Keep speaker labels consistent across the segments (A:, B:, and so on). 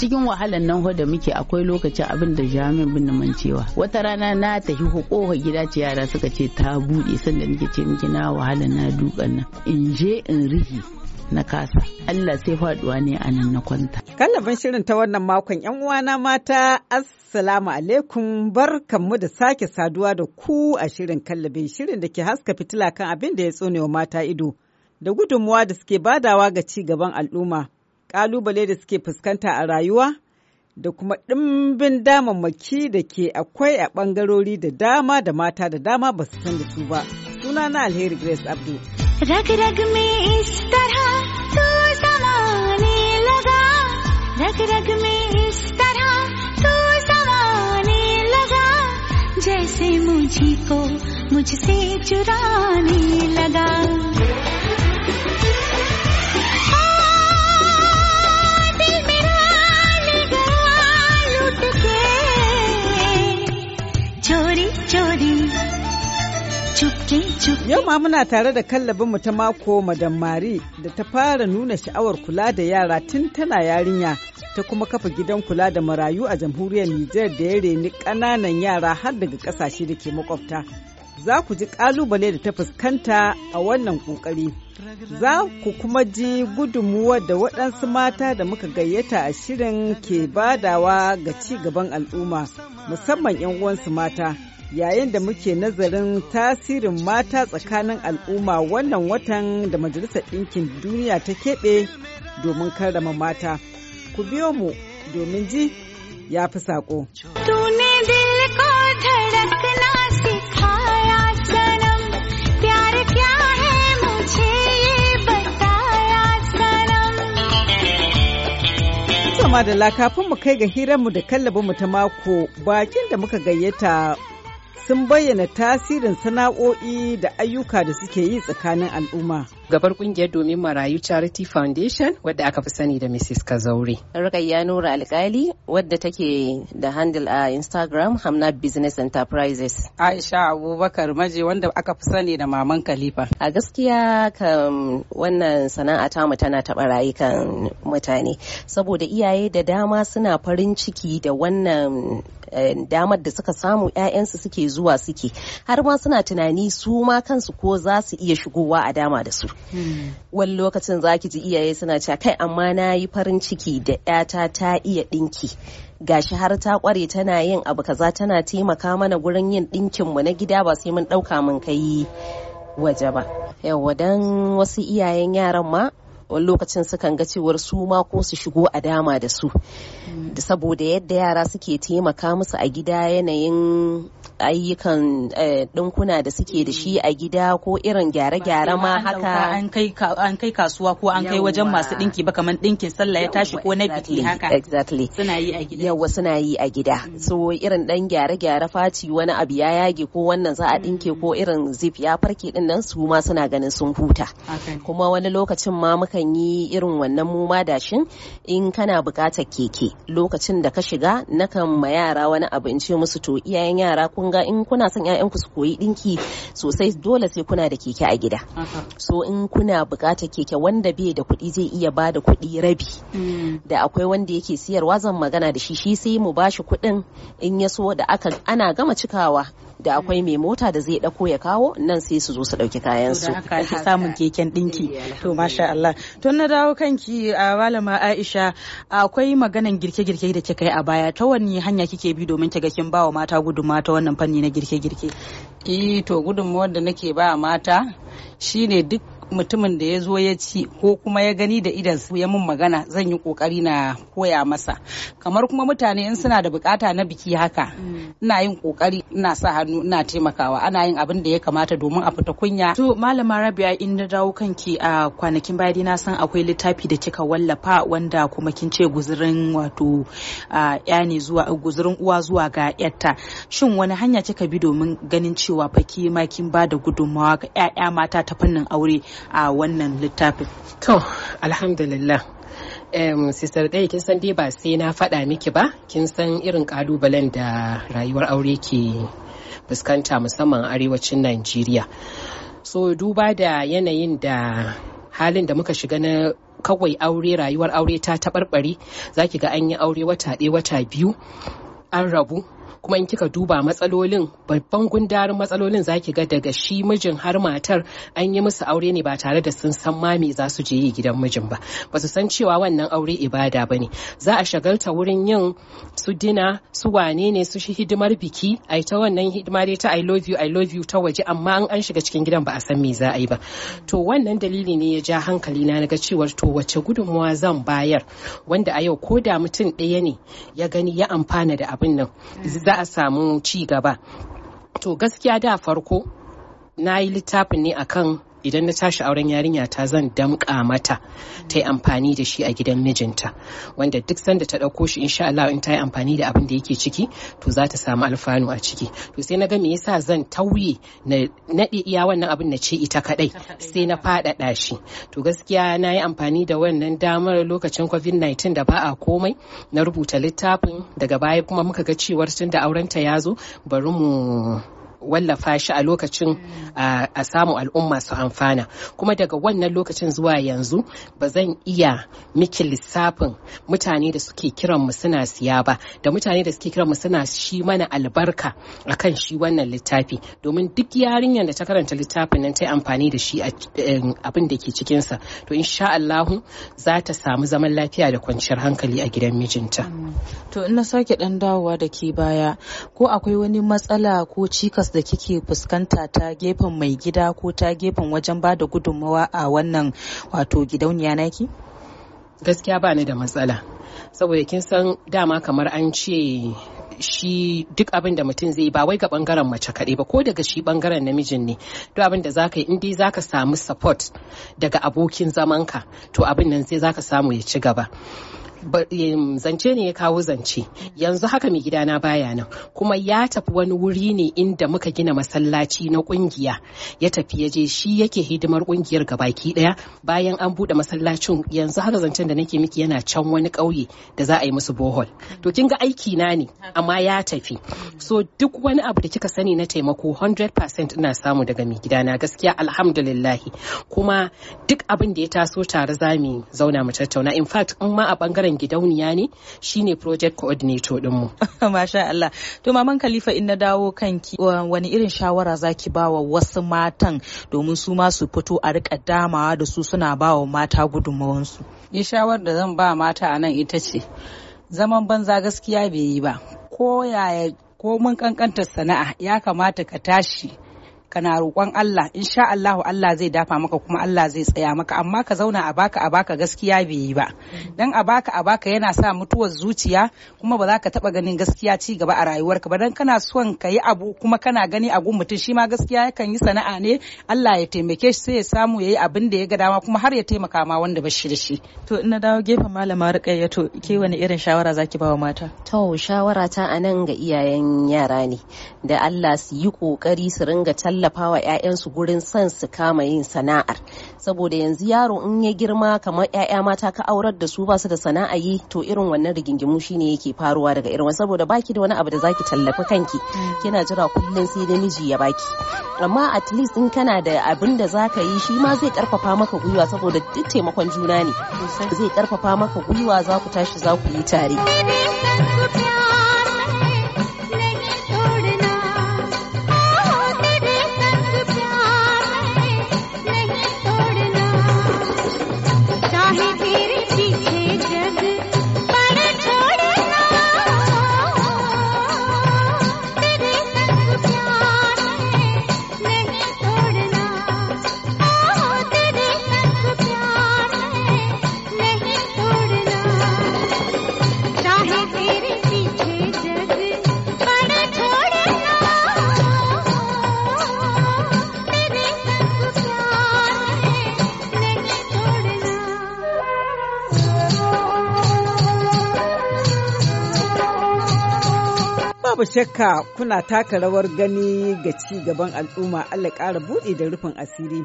A: cikin wahalan nan hoda muke akwai lokacin abin da jami'in bin cewa wata rana na tafi hukoha gida ce yara suka ce ta buɗe sanda nake ce miki na wahalan na dukan nan in je in rihi na kasa Allah sai faduwa ne a nan na kwanta
B: kallabin shirin ta wannan makon yan uwana mata assalamu alaikum barkanmu da sake saduwa da ku a shirin kallabin shirin da ke haska fitila kan abin da ya tsonewa mata ido da gudunmuwa da suke badawa ga ci gaban al'umma kalubale da suke fuskanta a rayuwa da kuma ɗimbin damammaki da ke akwai a ɓangarori da dama da mata da dama ba su san da su ba. Suna na Alheri Grace abdul Rag
C: रग में इस तरह तू तो समाने लगा जैसे मुझी को मुझसे चुराने लगा
B: Yau ma muna tare da kallabinmu ta mako Madam Mari da ta fara nuna sha'awar kula da yara tun tana yarinya ta kuma kafa gidan kula da marayu a jamhuriyar Nijar da ya reni ƙananan yara har daga ƙasashe da ke makwabta. Za ku ji ƙalubale da ta fuskanta a wannan ƙoƙari. Za ku kuma ji gudunmuwar da waɗansu mata da muka gayyata a shirin ke badawa ga ci gaban al'umma musamman 'yan uwansu mata. yayin da muke nazarin tasirin mata tsakanin al'umma wannan watan da Majalisar Ɗinkin Duniya ta keɓe domin karrama mata. Ku biyo mu domin ji ya fi saƙo. Sama da kafin mu kai ga hiranmu da kallabinmu ta mako bakin da muka gayyata sun bayyana tasirin sana'o'i da ayyuka da suke yi tsakanin al'umma.
D: Gabar kungiyar domin marayu Charity Foundation wadda aka fi sani da Mrs. Kazauri.
E: Rukayya Nura Alkali wadda take da handle a Instagram Hamna Business Enterprises.
F: Aisha Abubakar Maje wanda aka fi sani da Maman Khalifa. A
E: gaskiya kan wannan sana'a ta mu tana taɓa rayukan mutane saboda iyaye da dama suna farin ciki da wannan Eh, damar da suka samu 'ya'yansu suke zuwa suke har ma suna tunani su ma kansu ko za su iya shigowa a dama da su hmm. wani lokacin za ki ji iyaye suna cewa kai amma na yi farin ciki da 'yata ta iya ɗinki gashi har ta kware tana yin abu kaza tana taimaka mana gurin yin ɗinkin mu na gida ba sai mun ɗauka mun kai waje ba yawa don wasu iyayen yaran ma wani lokacin sukan ga cewar su ma ko su shigo a dama da su saboda yadda yara suke taimaka musu a gida yanayin ayyukan eh, ɗinkuna da suke da shi a gida ko irin gyare-gyare ma haka an
F: kai kasuwa ko an kai wajen masu ɗinki ba kamar ɗinkin sallah ya tashi ko na biki haka
E: exactly suna yi a gida yawa suna yi a gida mm. so irin ɗan gyare-gyare faci wani abu ya yage ko wannan za a ɗinke ko mm. irin zip ya farke ɗin nan su ma suna ganin sun huta kuma wani lokacin ma mukan yi irin wannan mu ma dashin in kana buƙatar keke lokacin da ka shiga nakan ma yara wani abu in ce musu to iyayen yara kun ga in kuna son ƴaƴanku su koyi ɗinki sosai dole sai kuna da keke a gida so in kuna buƙatar keke wanda bai da kuɗi zai iya ba da kuɗi rabi mm. da akwai wanda yake siyarwa zan magana da shi shi sai mu bashi kuɗin in ya so da aka ana gama cikawa da akwai mai mota da zai dauko ya kawo nan sai su zo su dauki kayan su ake samun keken dinki
F: eh, to masha Allah to na dawo kanki a malama Aisha akwai maganan girke-girke da kika yi a baya ta wani hanya kike bi domin kiga kin ba wa mata gudunmawa ta wannan fanni na girke-girke eh to gudunmawar da nake ba mata shine duk mutumin da ya zo ya ci ko kuma ya gani da idan ya mun magana zan yi kokari na koya masa kamar kuma mutane in suna da bukata na biki haka mm. ina yin kokari ina sa hannu ina taimakawa ana yin abin da ya kamata domin a fita kunya to malama rabia in na dawo kanki a kwanakin baya dai na san akwai littafi da kika wallafa wanda kuma kin ce guzurin wato ya ne zuwa guzurin uwa zuwa ga yatta shin wani hanya kika bi domin ganin cewa faki ma kin ba da gudunmawa ga 'ya'ya mata ta fannin aure a wannan
D: littafin to alhamdulillah um, sister ɗaya kin san dai ba sai na faɗa miki ba kin san irin ƙalubalen da rayuwar aure ke fuskanta musamman arewacin najeriya so duba da yanayin da halin da muka shiga na kawai aure rayuwar aure ta taɓarɓare za ki ga an yi aure wata ɗaya wata biyu an rabu kuma in kika duba matsalolin babban gundarin matsalolin zaki ga daga shi mijin har matar an yi musu aure ne ba tare da sun san ma me za su je yi gidan mijin ba ba su san cewa wannan aure ibada ba ne za a shagalta wurin yin su dina su wane ne su shi hidimar biki a ta wannan hidima dai ta i love you i love you ta waje amma an an shiga cikin gidan ba a san me za a yi ba to wannan dalili ne ya ja hankali na ga cewar to wace gudunmawa zan bayar wanda a yau ko da mutum ɗaya ne ya gani ya amfana da abin nan za a samu ci gaba to gaskiya da farko na yi littafin ne akan idan na tashi auren yarinya ta zan damƙa mata ta yi amfani da shi a gidan mijinta wanda duk sanda ta ɗauko shi insha Allah in ta yi amfani da abin da yake ciki to za ta samu alfanu a ciki to sai na ga me yasa zan tauye na naɗe iya wannan abin na ce ita kaɗai sai na faɗaɗa shi to gaskiya na yi amfani da wannan damar lokacin covid-19 da ba a komai na rubuta littafin daga baya kuma muka ga cewar tun da ta ya zo bari mu wallafa shi a lokacin a samu al'umma su amfana kuma daga wannan lokacin zuwa yanzu ba zan iya miki lissafin mutane da suke kiran mu suna siya ba da mutane da suke kiran mu suna shi mana albarka akan shi wannan littafi domin duk yarinyar da ta karanta littafin nan ta amfani da shi eh, abin da ke cikinsa to insha Allahu za ta samu zaman lafiya da kwanciyar hankali a gidan mijinta mm.
F: to in na sake dan dawowa da ke baya ko akwai wani matsala ko cikas da kike fuskanta ta gefen mai gida ko ta gefen wajen ba da gudunmawa a wannan
D: wato gidauniya naki? Gaskiya ba ni da matsala. Saboda kin san dama kamar an ce shi duk abin da mutum zai ba wai ga bangaren mace kaɗai ba ko daga shi bangaren namijin ne duk abin da zaka yi in dai zaka samu support daga abokin zamanka to abin nan sai zaka samu ya ci gaba zance ne ya kawo zance yanzu haka mai gidana baya nan kuma ya tafi wani wuri ne inda muka gina masallaci na kungiya ya tafi ya je shi yake hidimar kungiyar gabaki daya bayan an bude masallacin yanzu haka zancen da nake miki yana can wani ƙauye da za a yi musu bohol to kin ga aiki na ne amma ya tafi so duk wani abu da kika sani na taimako 100% ina samu daga mai gidana gaskiya alhamdulillah kuma duk abin da ya taso tare zamu zauna mu tattauna in fact in ma a bangaren sakataren gidauniya ne shine project coordinator dinmu. Masha Allah. To maman Khalifa in na dawo kanki wani
F: irin shawara zaki bawa wasu matan domin su ma su fito a rika damawa da su suna bawa mata gudunmawansu. Ni shawar da zan ba mata a nan ita ce zaman banza gaskiya bai yi ba. Ko yaya ko mun kankantar sana'a ya kamata ka tashi kana roƙon Allah insha Allah Allah zai dafa maka kuma Allah zai tsaya maka amma ka zauna a baka a baka gaskiya bai yi ba dan a baka a baka yana sa mutuwar zuciya kuma ba za ka taba ganin gaskiya ci gaba a rayuwarka ba dan kana son ka yi abu kuma kana gani a gun mutum shi ma gaskiya yakan yi sana'a ne Allah ya taimake shi sai ya samu yayi abin da ya ga dama kuma har ya taimaka ma wanda ba shi da shi to ina dawo gefen malama Rukayya to ke wani irin shawara
E: zaki ba wa mata to shawara ta anan ga iyayen yara ne da Allah su yi kokari su ringa tallata tallafa wa 'ya'yansu gurin son su kama yin sana'ar saboda yanzu yaro in ya girma kamar 'ya'ya mata ka aurar da su basu da sana'a yi to irin wannan rigingimu shine yake faruwa daga irin saboda baki da wani abu da zaki tallafi kanki mm. kina jira kullum sai da miji ya baki amma at least in kana da abin da zaka yi shi ma zai karfafa maka gwiwa saboda duk taimakon juna ne zai karfafa maka gwiwa za ku tashi za ku yi tare
B: babu shakka kuna taka rawar gani ga ci gaban al'umma Allah ƙara buɗe da rufin asiri.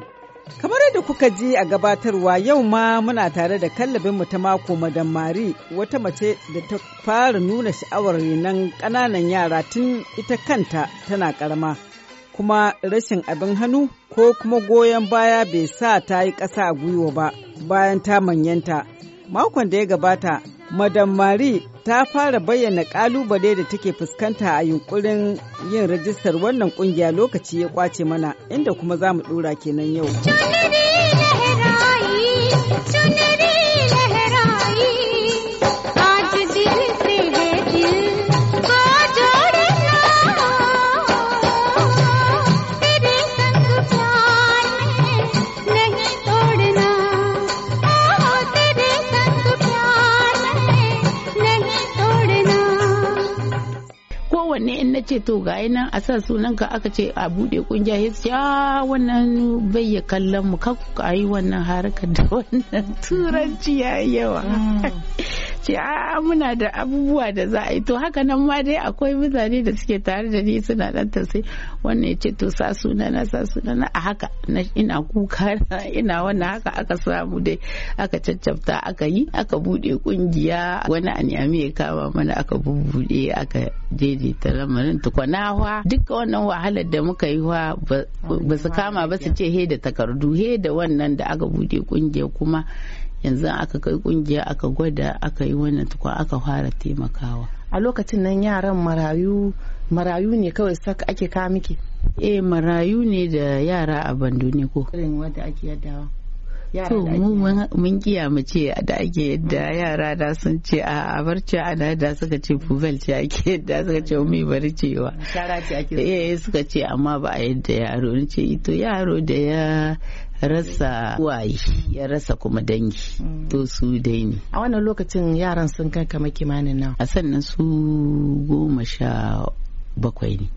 B: Kamar yadda kuka ji a gabatarwa yau ma muna tare da mu ta mako Madam Mari wata mace da ta fara nuna sha'awar renon ƙananan yara tun ita kanta tana ƙarama. Kuma rashin abin hannu ko kuma goyon baya bai sa ta yi ƙasa a gwiwa ba bayan ta manyanta. Makon da ya gabata Madam Mari ta fara bayyana kalubale da take fuskanta a yunkurin yin rajistar wannan kungiya lokaci ya kwace mana inda kuma za mu dora kenan yau.
A: na ce to ga nan a sa sunan ka aka ce a bude kungiya ya ce wannan bai ya kallon mu ka yi wannan harkar da wannan turanci ya yawa mm. ce a muna da abubuwa da za a yi to haka nan ma dai akwai mutane da suke tare da ni suna ta sai wannan ya ce to sa suna na sa suna na a haka ina kuka ina wannan haka aka samu dai aka caccabta aka yi aka bude kungiya wani niyami ya kama mana aka bubbude aka daidaita lamarin tukwana duka wannan wahalar da muka yi wa ba su kama ba su ce he da takardu he da wannan da aka bude kungiya kuma yanzu aka kai kungiya aka gwada aka yi wannan tukwa aka fara taimakawa a lokacin nan yaran marayu marayu ne kawai saka ake kawo miki eh marayu ne da yara a bando ne ko irin wanda ake yaddawa to mun kiya mu ce da ake yadda yara da sun ce a abarci ana da suka ce puvel ce ake yadda suka ce mai bari ake eh suka ce amma ba a yadda yaro ne ce ito yaro da ya rasa waye ya rasa kuma dangi mm. to su dai ne a wannan lokacin yaran sun kai kama kimanin nawa a sannan su goma sha bakwai ne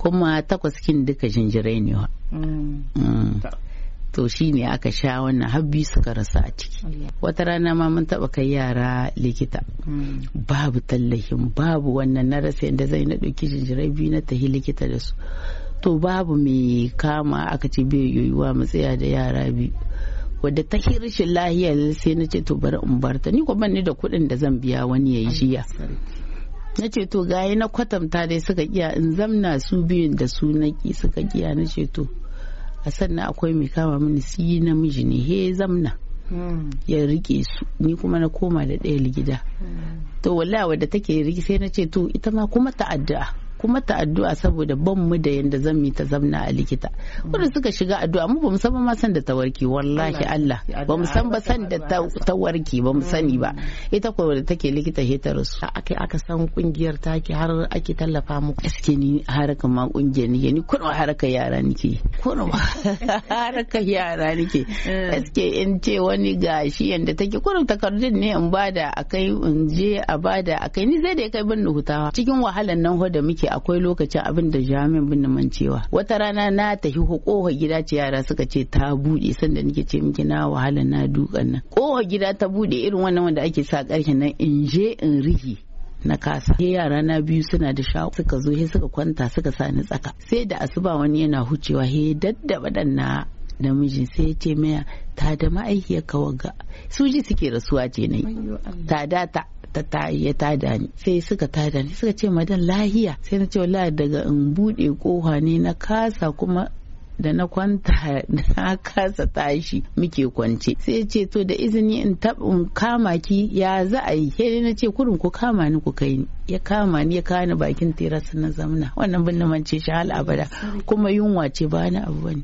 A: kuma takwas kin duka jinjirai ne wa mm. Mm. to shi ne aka sha wannan habbi suka rasa a ciki wata rana ma mun taba kai yara likita babu tallafin babu wannan na rasa yadda zai na ɗauki jinjirai biyu na tahi likita da su to babu mai kama aka ce bai yiwuwa mu tsaya da yara biyu wadda ta hirshin lahiyar sai na ce to bari in ta. ni ban ni da kuɗin da zan biya wani ya yi jiya na ce to gayi na kwatanta dai suka kiya in zamna su biyun da su naki suka kiya na ce to a sannan akwai mai kama mini si namiji ne he zamna hmm. ya rike su ni kuma na koma da ɗaya ligida hmm. to wallahi wadda take rike sai na ce to ita ma kuma ta addu'a. kuma ta addu'a saboda ban mu da yanda zan mi ta zamna a likita wanda suka shiga addu'a mu ba mu san ma san da ta warke wallahi Allah ba mu san ba san da ta warke ba mu sani ba ita ko da take likita heterus aka aka san kungiyar take har ake tallafa mu. gaske ni haraka ma kungiyar ni ni kuna haraka yara nike kuna haraka yara nike eh. gaske in ce wani gashi yanda take kuna takardun ne in bada akai in je a bada akai ni zai da ya kai ban nuhutawa. cikin wahalan nan da muke akwai lokacin abin da jami'in bin mancewa wata rana na tafi kowa gida ce yara suka ce ta buɗe sanda nake ce miki na wahala na dukan nan kowa gida ta buɗe irin wannan wanda ake sa karshe nan in je in rihi na kasa sai yara na biyu suna da sha suka zo he suka kwanta suka sa ni tsaka sai da asuba wani yana hucewa he daddaba dan na namiji sai ya ce maya ta da ma'aikiyar kawaga su ji suke rasuwa ce ne ta data ta ta ya tada ni sai suka tada ni suka ce madan lahiya sai na ce wallahi daga in bude kohane ne na kasa kuma da na kwanta na kasa tashi muke kwance sai ce to da izini in kama ki ya za a yi sai na ce kurin ku kama ni ku kai ni ya kama ni ya kawo ni bakin tera na zamana wannan bin na mance shi hal abada kuma yunwa ce ba abu bane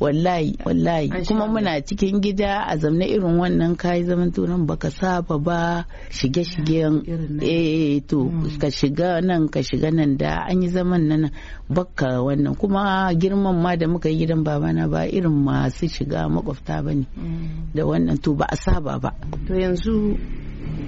A: wallahi wallahi kuma muna cikin gida a zamna irin wannan kai zaman tunan baka saba ba shige shigen eh to hmm. ka shiga nan ka shiga nan da an yi zaman nan bakka wannan kuma girman ma da muka yi gidan babana ba irin masu shiga makwafta bane hmm. da wannan to ba a saba ba to yanzu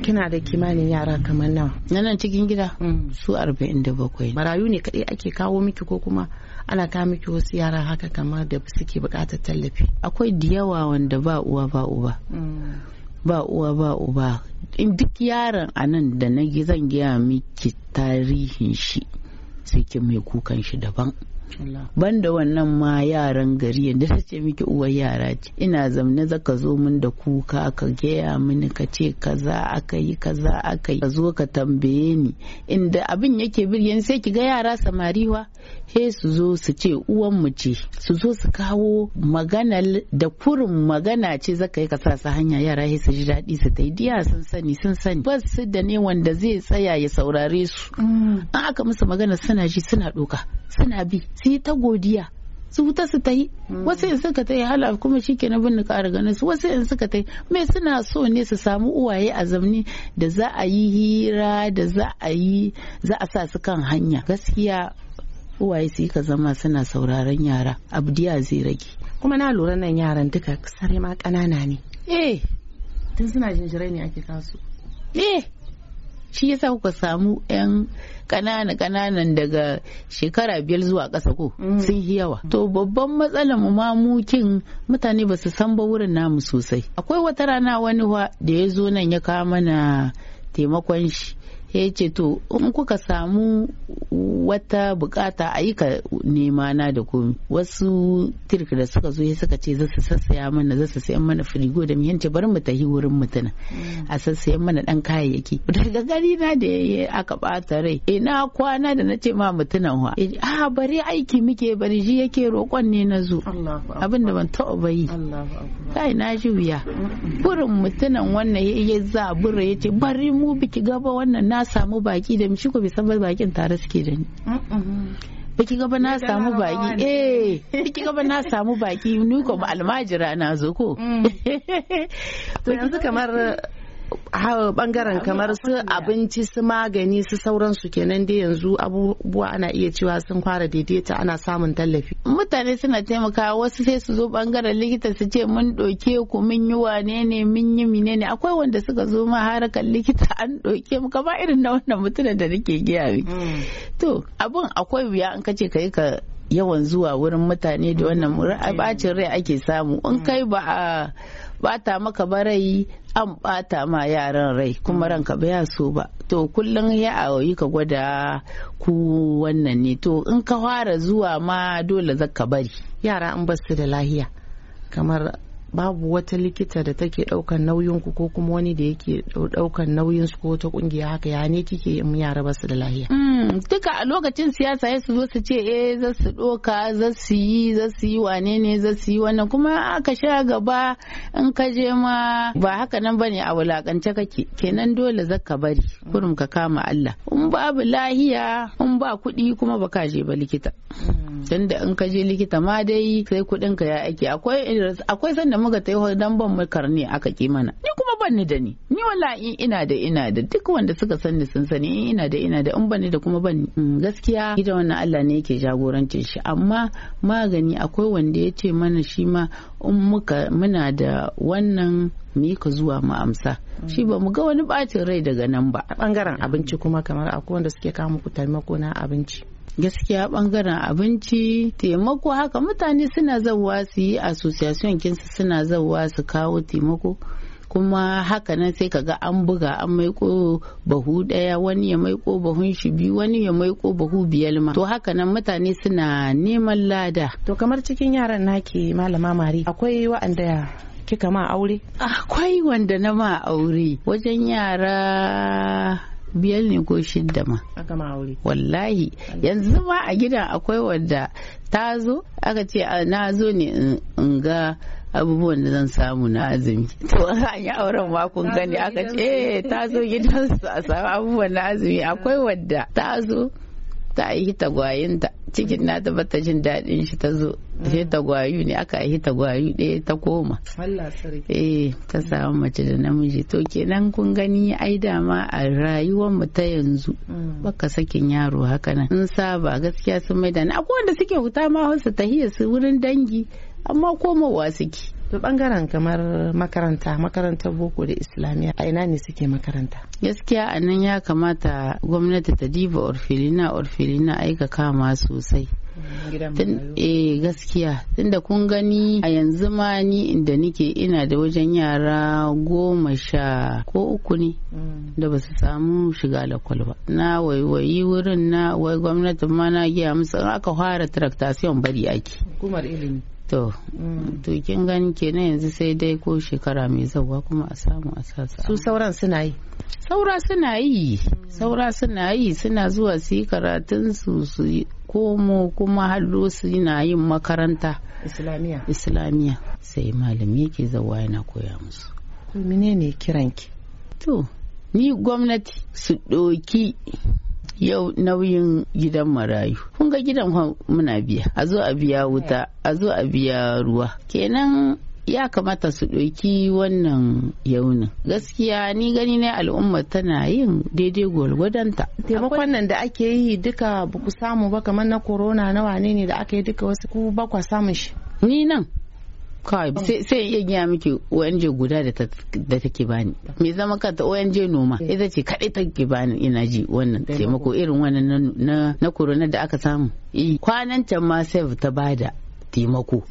A: kina da kimanin yara kamar nawa na nan cikin gida mm. su 47 marayu ne kadai ake kawo miki ko kuma ana kawo miki wasu yara haka kamar da suke bukatar tallafi akwai da yawa wanda ba uwa ba uba mm. ba uwa ba uba in duk yaron a nan da na zan gaya miki tarihin shi sai mai kukan shi daban banda wannan ma yaran gari yadda ta ce miki uwar yara ce ina zamne zaka zo min da kuka ka gaya mini ka ce kaza aka yi kaza aka yi ka zo ka tambaye ni inda abin yake biryan sai ki ga yara samariwa he su zo su ce uwan mu ce su zo su kawo magana da kurin magana ce zaka yi ka sa su hanya yara he su ji daɗi su tai diya sun sani sun sani ba su da ne wanda zai tsaya ya saurare su mm. an aka musu magana suna ji suna ɗoka suna bi su yi ta godiya su wuta su ta yi hmm. wasu yin suka ta yi hala kuma shi ke na bin ka ganin su wasu yin suka ta yi mai suna so ne su samu uwaye a zamani da za a yi hira da za a yi za a sa su kan hanya gaskiya uwaye su yi ka zama suna sauraron yara abdiya zai rage kuma na lura nan yaran duka sare ma kanana ne eh tun suna jinjirai ne ake kasu eh shi yasa kuka samu yan ƙanana ƙananan daga shekara biyar zuwa ƙasa ko mm. sun yi yawa to babban matsalar mu mamukin mutane ba su san ba wurin namu sosai akwai wata rana wani da ya zo nan ya kawo mana taimakon shi ya ce to in kuka samu wata bukata a yi ka nema na da komi wasu tirk da suka zo ya suka ce za su sassaya mana za su sayan mana firigo da miyan ce bari mu tafi wurin mutuna a sassayan mana dan kayayyaki daga gari na da ya aka bata rai ina kwana da na ce ma mutunan wa a bari aiki muke bari shi yake roƙon ne na zo abin da ban taɓa bayi kai na ji wuya burin mutunan wannan ya yi zabura ya ce bari mu biki gaba wannan na samu baki da mishi ko bai san bakin tare suke da ni baki gaba na samu baki eh baki gaba na samu baki ni ko almajira na zo ko mm. to yanzu kamar bangaren kamar su abinci su magani su sauransu kenan dai yanzu abubuwa ana iya cewa sun fara daidaita ana samun tallafi mutane suna taimakawa wasu sai su zo bangaren likita su ce mun ɗauke ku mun yi wane ne mun yi mine ne akwai wanda suka zo ma harakan likita an ɗauke mu kama irin na wannan mutumin da nake giya mm. to abun akwai wuya in ka ce kai ka yawan zuwa wurin mutane da wannan bacin mm. rai ake samu in mm. kai ba a bata maka barai an bata ma yaran rai kuma mm. ranka ba ya so ba to kullum ya yi ka gwada ku wannan ne to in ka fara zuwa ma dole zaka bari yara an basu da lahiya kamar babu wata likita da take daukan nauyin ku ko kuma wani da yake daukan nauyin su ko ta kungiya haka ya ne kike in yara ba su da lahiya mm, duka a lokacin siyasa ya su zo su ce eh za su doka za su yi za su yi wane ne za su yi wannan kuma aka sha gaba in ka je ma ba haka nan bane a wulakance kake kenan dole zaka bari kurum ka kama Allah in babu lahiya in ba kuɗi kuma baka je ba likita mm. tunda in ka je likita ma dai sai kuɗin ka ya ake akwai akwai sanda muka tafi dan ban mai karni aka ki mana ni kuma ban ni da ni ni in ina da ina da duk wanda suka sani sun sani ina da ina da in ban ni da kuma ban mm, gaskiya ita wannan Allah ne yake jagorancin shi amma magani akwai wanda ya ce mana shi ma in muka muna da wannan mu ka zuwa mu amsa shi ba mu ga wani bacin rai daga nan ba bangaren abinci kuma kamar akwai wanda suke kawo muku taimako na abinci gaskiya bangaren abinci taimako haka mutane suna zauwa su yi asosiyasiyon kinsu suna zauwa su kawo taimako kuma haka nan sai kaga an buga an maiko bahu daya wani ya maiko bahun shi biyu wani ya maiko bahu biyar ma to haka nan mutane suna neman lada to kamar cikin yaran naki malama mari akwai wa'anda kika ma aure akwai wanda na ma aure wajen yara biyar ne ko shidda ma wallahi yanzu ma a gida akwai wadda ta zo aka ce na zo ne in ga abubuwan da zan samu na azumi to an yi auren makon gani aka ce eh, ta zo gidansu a samu abubuwan na azumi akwai wadda ta zo ta yi tagwayinta cikin na mm. nata bata jin daɗin shi ta zo sai mm. tagwayu ne aka yi tagwayu ɗaya ta koma eh ta samu mace da namiji to kenan kun gani ai dama a rayuwar mu ta yanzu mm. baka sakin yaro haka nan in saba gaskiya sun da ni akwai wanda suke huta ma su tahiyar su wurin dangi amma komowa suke to bangaren kamar makaranta makarantar boko da islamiyya a ina ne suke makaranta gaskiya a nan ya kamata gwamnati ta diba orfilina-orfilina aika kama sosai mm, eh gaskiya tunda kun gani a yanzu ma ni inda nike ina da wajen yara goma sha ko uku ne mm. da ba su samu shiga lakwal ba na waiwayi wurin na wai gwamnatin ma na gaya musu aka fara traktasiyon bari ake hukumar ilimi to to kin gani kenan yanzu sai dai ko shekara mai zauwa kuma a samu a sasa su sauran suna yi saura suna yi saura suna yi suna zuwa su yi karatun su su komo kuma hallo su na yin makaranta islamiya islamiya sai malami yake zauwa yana koya musu menene kiranki to ni gwamnati su ɗoki yau nauyin gidan marayu kun ga gidan muna biya a zo a biya wuta a zo a biya ruwa kenan ya kamata su ɗauki wannan yaunin gaskiya ni gani ne al'umma tana yin daidai gwalgwadonta taimakon nan da ake yi duka ba ku samu ba kamar na corona na wane ne da aka yi duka wasu ku ba samun shi ni nan kawai sai iya gaya miki ONG guda da take bani mai zama kanta ONG noma eh. ita ce kaɗai ke bani ina ji wannan taimako irin wannan na corona da aka samu eh, kwanan can ma save ta bada taimako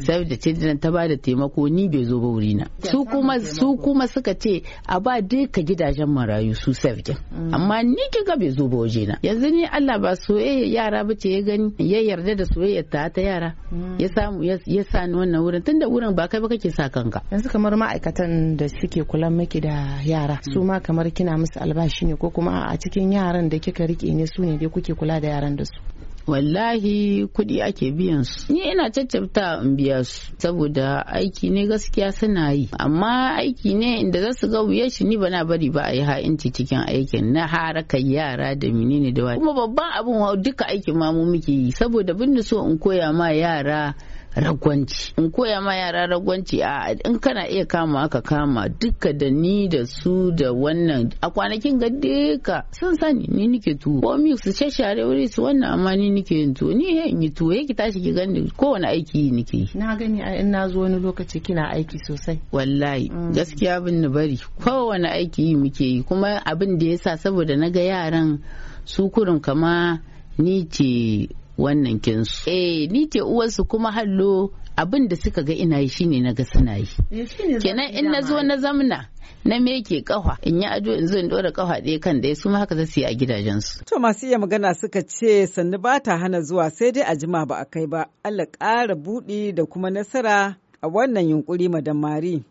A: save the children ta ba da taimako ni bai zo ba wurina su kuma su kuma suka ce a ba duka gidajen marayu su save mm. amma ni ga bai zo ba wajena yanzu ni Allah ba soyayya yara ba ce ya gani ya yarda da soyayya ta ta yara mm. ya samu ya sa ni wannan wurin tunda wurin ba kai ba kake sa kanka yanzu kamar ma'aikatan da suke kula miki da yara mm. su ma kamar kina musu albashi ne ko kuma a cikin yaran da kika rike ne su ne dai kuke kula da yaran da su wallahi kuɗi ake biyan su ni ina caccabta in biya su saboda aiki ne gaskiya suna yi amma aiki ne inda za su ga wuya shi ni bana bari ba a yi ha'inci cikin aikin na haraka yara da menene da wani kuma babban abin duka aikin ma mu muke yi saboda bin so in koya ma yara ragwanci in koya ma yara ragwanci a in kana iya kama aka kama duka da ni da su da wannan a kwanakin ga duka sun sani ni nike tuwo ko mi su share wuri su wannan amma ni nike yin tuwo ni he yi tuwo yake tashi ki gani kowane aiki nike yi na gani a in na wani lokaci kina aiki sosai wallahi mm. gaskiya bin ni bari kowane aiki yi muke yi kuma abin da yasa saboda na ga yaran su kurin kama ni ce wannan kinsu eh ni ce uwarsu kuma hallo abin da suka ga ina yi shine na ga suna yi eh, kenan in na zo na zamna na meke kafa in yi ado in
B: zo in dora kafa ɗaya kan ɗaya su ma haka
A: zasu yi a gidajensu.
B: to masu iya magana suka ce sannu ba ta hana zuwa sai dai a jima ba a kai ba allah ƙara buɗe da kuma nasara a wannan yunƙuri madam mari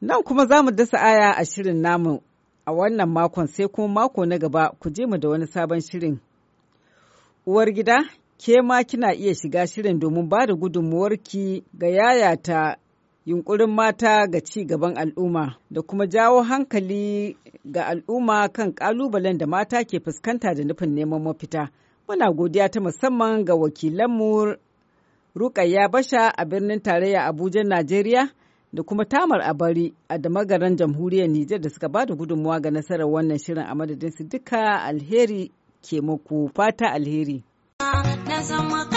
B: nan kuma za mu dasa aya a shirin namu a wannan makon sai kuma mako na gaba ku je mu da wani sabon shirin uwar gida ke ma kina iya shiga shirin domin ba da gudunmuwarki ga yayata yunkurin mata ga ci gaban al'umma da kuma jawo hankali ga al'umma kan kalubalen da mata ke fuskanta da nufin neman mafita. Muna godiya ta musamman ga wakilanmu Rukayya Basha a birnin tarayya Abuja, Najeriya da kuma Tamar Abari a damagaran jamhuriyar Nijar da suka bada gudunmuwa ga nasarar wannan shirin a madadin su duka alheri ke muku fata alheri.
C: I'm a.